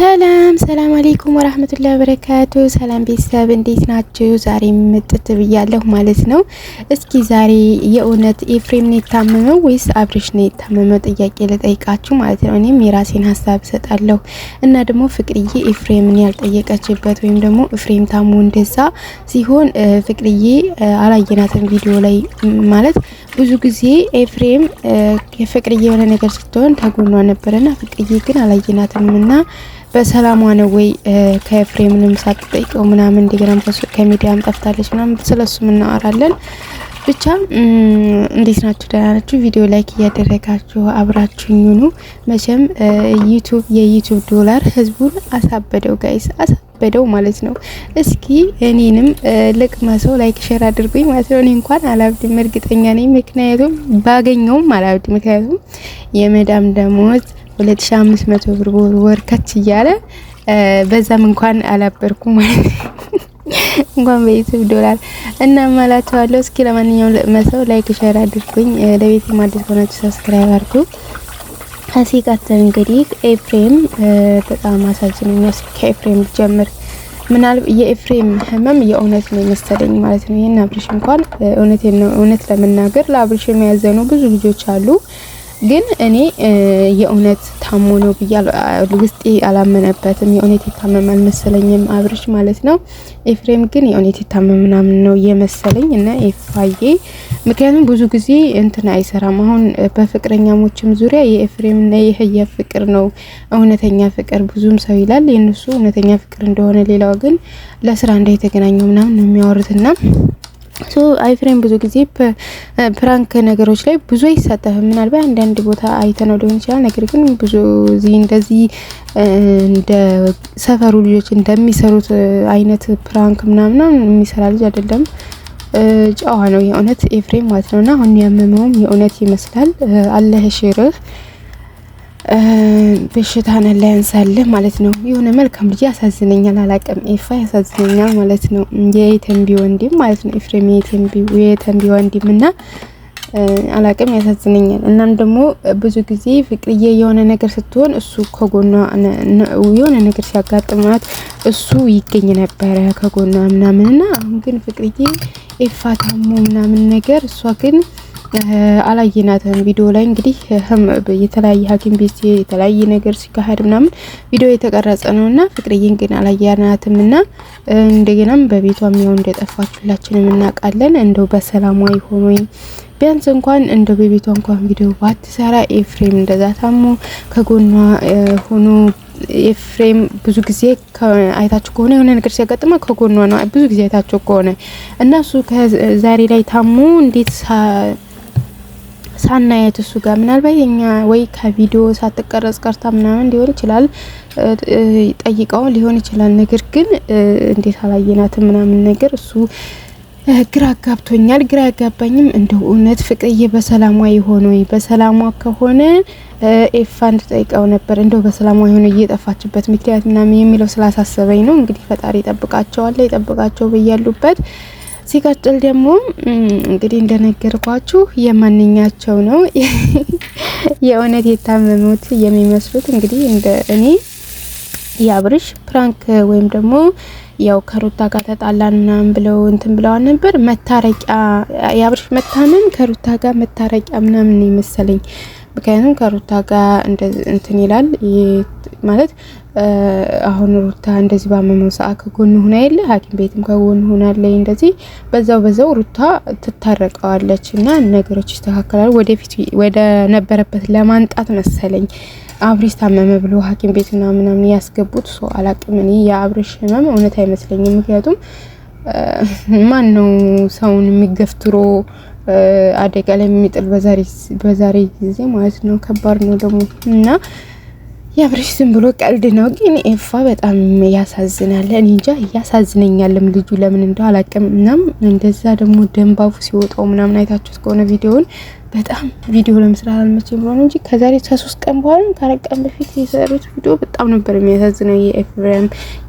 ሰላም ሰላም አለይኩም ወራህመቱላሂ ወበረካቱ። ሰላም ቤተሰብ እንዴት ናችሁ? ዛሬ ምጥት ብያለሁ ማለት ነው። እስኪ ዛሬ የእውነት ኤፍሬም ነው የታመመው ወይስ አብርሽ ነው የታመመው ጥያቄ ልጠይቃችሁ ማለት ነው። እኔም የራሴን ሀሳብ እሰጣለሁ እና ደግሞ ፍቅርዬ ኤፍሬምን ያልጠየቀችበት ወይም ደግሞ ኤፍሬም ታሞ እንደዛ ሲሆን ፍቅርዬ አላየናትን ቪዲዮ ላይ ማለት ብዙ ጊዜ ኤፍሬም ፍቅርዬ የሆነ ነገር ስትሆን ተጎኗ ነበረና ፍቅርዬ ግን አላየናትም እና በሰላሟ ነው ወይ ከፍሬምንም ሳትጠይቀው ምናምን እንደገናም ከሚዲያም ጠፍታለች ምናምን ስለሱም እናወራለን። ብቻ እንዴት ናችሁ? ደህና ናችሁ? ቪዲዮ ላይክ እያደረጋችሁ አብራችሁኝ ሁኑ። መቼም ዩቲዩብ የዩቲዩብ ዶላር ህዝቡን አሳበደው፣ ጋይስ አሳበደው ማለት ነው። እስኪ እኔንም ልቅመ ሰው ላይክ ሼር አድርጉኝ ማለት ነው። እኔ እንኳን አላብድም፣ እርግጠኛ ነኝ። ምክንያቱም ባገኘውም አላብድ፣ ምክንያቱም የመዳም ደሞዝ 2500 ብር ወር ከች እያለ በዛም እንኳን አላበርኩም ማለት እንኳን በዩቲዩብ ዶላር እና ማላችኋለሁ። እስኪ ለማንኛውም መሰው ላይክ ሼር አድርጉኝ። ለቤት ማድረግ ሆነች ሰብስክራይብ አድርጉ። ከሲቀጥል እንግዲህ ኤፍሬም በጣም አሳዝኖኛል። እስኪ ከኤፍሬም ልጀምር። ምናልባት የኤፍሬም ህመም የእውነት ነው የመሰለኝ ማለት ነው። ይህን አብርሽ እንኳን እውነት ለመናገር ለአብርሽ የሚያዘኑ ብዙ ልጆች አሉ ግን እኔ የእውነት ታሞ ነው ብዬ ውስጤ አላመነበትም። የእውነት የታመመ አልመሰለኝም አብርሽ ማለት ነው። ኤፍሬም ግን የእውነት የታመመ ምናምን ነው የመሰለኝ እና ኤፋዬ ምክንያቱም ብዙ ጊዜ እንትን አይሰራም። አሁን በፍቅረኛሞችም ዙሪያ የኤፍሬም እና የህያ ፍቅር ነው እውነተኛ ፍቅር ብዙም ሰው ይላል የእነሱ እውነተኛ ፍቅር እንደሆነ፣ ሌላው ግን ለስራ እንዳይተገናኘው ምናምን ነው የሚያወሩትና ሶ አይፍሬም ብዙ ጊዜ ፕራንክ ነገሮች ላይ ብዙ አይሳተፍም። ምናልባት አንዳንድ ቦታ አይተነው ሊሆን ይችላል። ነገር ግን ብዙ እዚህ እንደዚህ እንደ ሰፈሩ ልጆች እንደሚሰሩት አይነት ፕራንክ ምናምናም የሚሰራ ልጅ አይደለም። ጨዋ ነው የእውነት ኤፍሬም ማለት ነውና አሁን ያመመውም የእውነት ይመስላል። አላህ ሽርህ በሽታን ላያንሳልህ ማለት ነው። የሆነ መልካም ልጅ ያሳዝነኛል፣ አላቅም ኤፋ ያሳዝነኛል ማለት ነው። የየተንቢ ወንድም ማለት ነው ኤፍሬም የተንቢ ወንድም እና አላቅም ያሳዝነኛል። እናም ደግሞ ብዙ ጊዜ ፍቅርዬ የሆነ ነገር ስትሆን እሱ ከጎኗ የሆነ ነገር ሲያጋጥማት እሱ ይገኝ ነበረ ከጎኗ ምናምን እና አሁን ግን ፍቅርዬ ኤፋ ታሞ ምናምን ነገር እሷ ግን አላየናትም ቪዲዮ ላይ እንግዲህ የተለያየ ሐኪም ቤት የተለያየ ነገር ሲካሄድ ምናምን ቪዲዮ የተቀረጸ ነው እና ፍቅርዬን ግን አላየናትም እና እንደገናም በቤቷ የሚሆን እንደጠፋችሁላችንም እናውቃለን። እንደው በሰላሟ ይሆን ቢያንስ እንኳን እንደው በቤቷ እንኳን ቪዲዮ ባትሰራ ኤፍሬም እንደዛ ታሞ ከጎኗ ሆኖ ኤፍሬም ብዙ ጊዜ አይታችሁ ከሆነ የሆነ ነገር ሲያጋጥመ ከጎኗ ነው ብዙ ጊዜ አይታችሁ ከሆነ እና እሱ ከዛሬ ላይ ታሞ እንዴት ሳናየት እሱ ጋር ምናልባት የኛ ወይ ከቪዲዮ ሳትቀረጽ ቀርታ ምናምን ሊሆን ይችላል፣ ጠይቀው ሊሆን ይችላል። ነገር ግን እንዴት አላየናትም ምናምን ነገር እሱ ግራ አጋብቶኛል። ግራ ያጋባኝም እንደው እውነት ፍቅርዬ በሰላሟ የሆነ ወይ በሰላሟ ከሆነ ኤፋንድ ጠይቀው ነበር እንደው በሰላሟ የሆነ እየጠፋችበት ምክንያት ምናምን የሚለው ስላሳሰበኝ ነው። እንግዲህ ፈጣሪ ይጠብቃቸዋል፣ ይጠብቃቸው በያሉበት ሲቀጥል ደግሞ እንግዲህ እንደነገርኳችሁ የማንኛቸው ነው የእውነት የታመሙት የሚመስሉት እንግዲህ እንደ እኔ የአብርሽ ፕራንክ ወይም ደግሞ ያው ከሩታ ጋር ተጣላን ምናምን ብለው እንትን ብለዋል ነበር። መታረቂያ የአብርሽ መታመም ከሩታ ጋር መታረቂያ ምናምን ነው ይመሰለኝ። ምክንያቱም ከሩታ ጋር እንትን ይላል ማለት አሁን ሩታ እንደዚህ ባመመው ሰዓት ከጎን ሆና የለ ሐኪም ቤትም ከጎን ያለ እንደዚህ በዛው በዛው ሩታ ትታረቀዋለች እና ነገሮች ይስተካከላል። ወደፊት ወደ ነበረበት ለማንጣት መሰለኝ አብሬሽ ታመመ ብሎ ሐኪም ቤት እና ምናምን ያስገቡት ሰው አላቅም። እኔ የአብሬሽ ህመም እውነት አይመስለኝም። ምክንያቱም ማን ነው ሰውን የሚገፍትሮ አደጋ ላይ የሚጥል በዛሬ ጊዜ ማለት ነው። ከባድ ነው ደግሞ እና የአብርሽ ዝም ብሎ ቀልድ ነው። ግን ኤፋ በጣም ያሳዝናል። እኔ እንጃ እያሳዝነኛለም ልጁ ለምን እንደ አላውቅም። እናም እንደዛ ደግሞ ደንባፉ ሲወጣው ምናምን አይታችሁት ከሆነ ቪዲዮውን በጣም ቪዲዮ ለመስራት አልመቸኝ ብሎ ነው እንጂ ከዛሬ ከሶስት ቀን በኋላ ከአራት ቀን በፊት የሰሩት ቪዲዮ በጣም ነበር የሚያሳዝነው። የኤፍሬም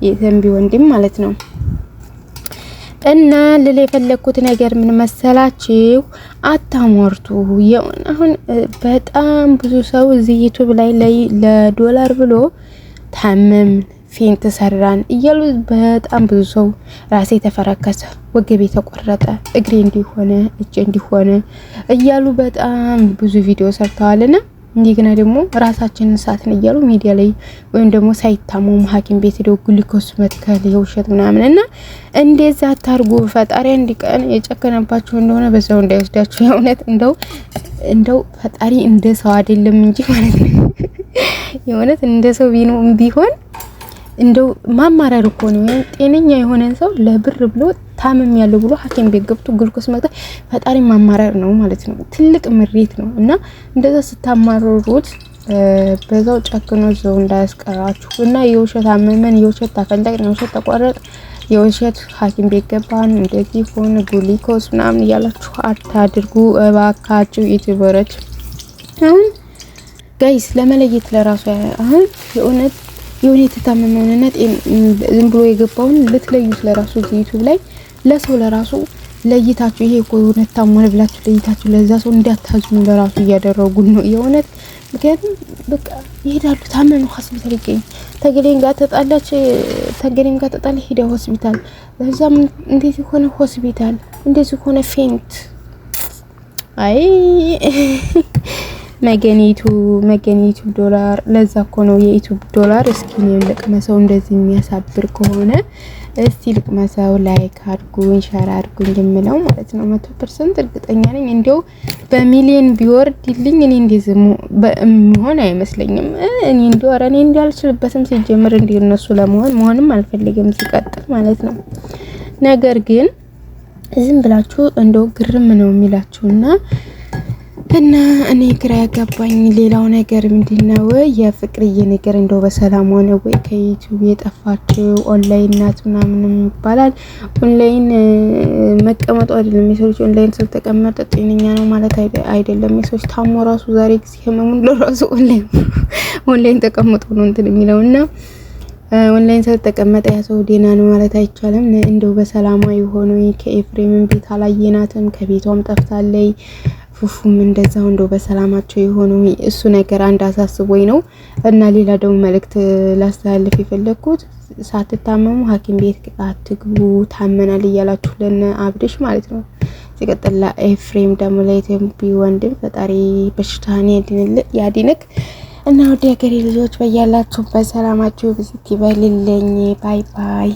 የተንቢ ወንድም ማለት ነው። እና ልል የፈለግኩት ነገር ምን መሰላችሁ? አታሟርቱ። አሁን በጣም ብዙ ሰው እዚህ ዩቱብ ላይ ለዶላር ብሎ ታመም ፌንት ሰራን እያሉ በጣም ብዙ ሰው ራሴ ተፈረከሰ፣ ወገቤ ተቆረጠ፣ እግሬ እንዲሆነ እጄ እንዲሆነ እያሉ በጣም ብዙ ቪዲዮ ሰርተዋልና እንደገና ደግሞ ራሳችንን እሳትን እያሉ ሚዲያ ላይ ወይም ደግሞ ሳይታመሙ ሐኪም ቤት ሄደው ግሊኮስ መትከል የውሸት ምናምን እና እንደዛ አታርጉ። ፈጣሪ እንዲቀን የጨከነባቸው የጨከነባችሁ እንደሆነ በዛው እንዳይወስዳቸው የእውነት እንደው እንደው ፈጣሪ እንደ ሰው አይደለም እንጂ ማለት ነው። የእውነት እንደ ሰው ቢሆን እንደው ማማረር እኮ ነው። ጤነኛ የሆነን ሰው ለብር ብሎ ታመም ያለው ብሎ ሐኪም ቤት ገብቶ ግልኮስ መቅጠር ፈጣሪ ማማረር ነው ማለት ነው። ትልቅ ምሬት ነው እና እንደዛ ስታማረሩት በዛው ጨክኖ ዘው እንዳያስቀራችሁ እና የውሸት አመመን፣ የውሸት ነው የውሸት ተቋረጥ የውሸት ሐኪም ቤት ገባን፣ እንደዚህ ሆነ ጉሊኮስ ምናምን እያላችሁ አታድርጉ እባካችሁ ዩቲዩበሮች። አሁን ጋይስ ለመለየት ለራሱ አሁን የእውነት የሆነ የተታመመውንና ዝም ብሎ የገባውን ልትለዩት ለራሱ ዩቲዩብ ላይ ለሰው ለራሱ ለይታችሁ ይሄ እኮ የእውነት ታሞነ ብላችሁ ለይታችሁ ለዛ ሰው እንዳታዝኑ ለራሱ እያደረጉን ነው የእውነት። ምክንያቱም በቃ ይሄዳሉ። ታመኑ ሆስፒታል ይገኝ ተገሌን ጋር ተጣላች፣ ተገሌን ጋር ተጣለ፣ ሄደ ሆስፒታል። በዛም እንደዚህ ሆነ ሆስፒታል፣ እንደዚህ ሆነ ፌንት። አይ መገኔቱ መገኔቱ ዶላር ለዛ እኮ ነው የዩቲዩብ ዶላር። እስኪ እኔም ልቅመሰው እንደዚህ የሚያሳብር ከሆነ እስቲ ልቅመሰው። ላይክ አድርጉኝ፣ ሸር አድርጉኝ የምለው ማለት ነው። መቶ ፐርሰንት እርግጠኛ ነኝ እንዲያው በሚሊዮን ቢወርድልኝ እኔ እንደዚህ በሚሆን አይመስለኝም። እኔ እንዲያው ኧረ እኔ እንዲያው አልችልበትም። ሲጀምር እንዲሁ እነሱ ለመሆን መሆንም አልፈልግም ሲቀጥል ማለት ነው። ነገር ግን ዝም ብላችሁ እንደው ግርም ነው የሚላችሁና እና እኔ ግራ ያጋባኝ ሌላው ነገር ምንድን ነው የፍቅርዬ ነገር እንደው በሰላም ሆነ ወይ? ከዩቲዩብ የጠፋችው ኦንላይን ናት ምናምንም ይባላል። ኦንላይን መቀመጡ አይደለም የሰዎች ኦንላይን ስለተቀመጠ ጤነኛ ነው ማለት አይደለም። የሰዎች ታሞ ራሱ ዛሬ ጊዜ ህመሙን ለራሱ ኦንላይን ተቀምጦ ነው እንትን የሚለው እና ኦንላይን ስለተቀመጠ ያ ሰው ዴና ነው ማለት አይቻልም። እንደው በሰላማዊ ሆኖ ከኤፍሬምን ቤት አላየናትም፣ ከቤቷም ጠፍታለይ ፉፉም እንደዛው እንደው በሰላማቸው የሆኑ እሱ ነገር አንድ አሳስቦኝ ነው እና ሌላ ደግሞ መልእክት ላስተላልፍ የፈለግኩት ሳትታመሙ ሐኪም ቤት አትግቡ፣ ታመናል እያላችሁ ለነ አብድሽ ማለት ነው። ሲቀጥል ለኤፍሬም ደግሞ ለኤፍሬም ቢወንድም ፈጣሪ በሽታህን ያድንክ እና ወደ ሀገሬ ልጆች በያላችሁ በሰላማችሁ ብዝት ይበልልኝ። ባይ ባይ።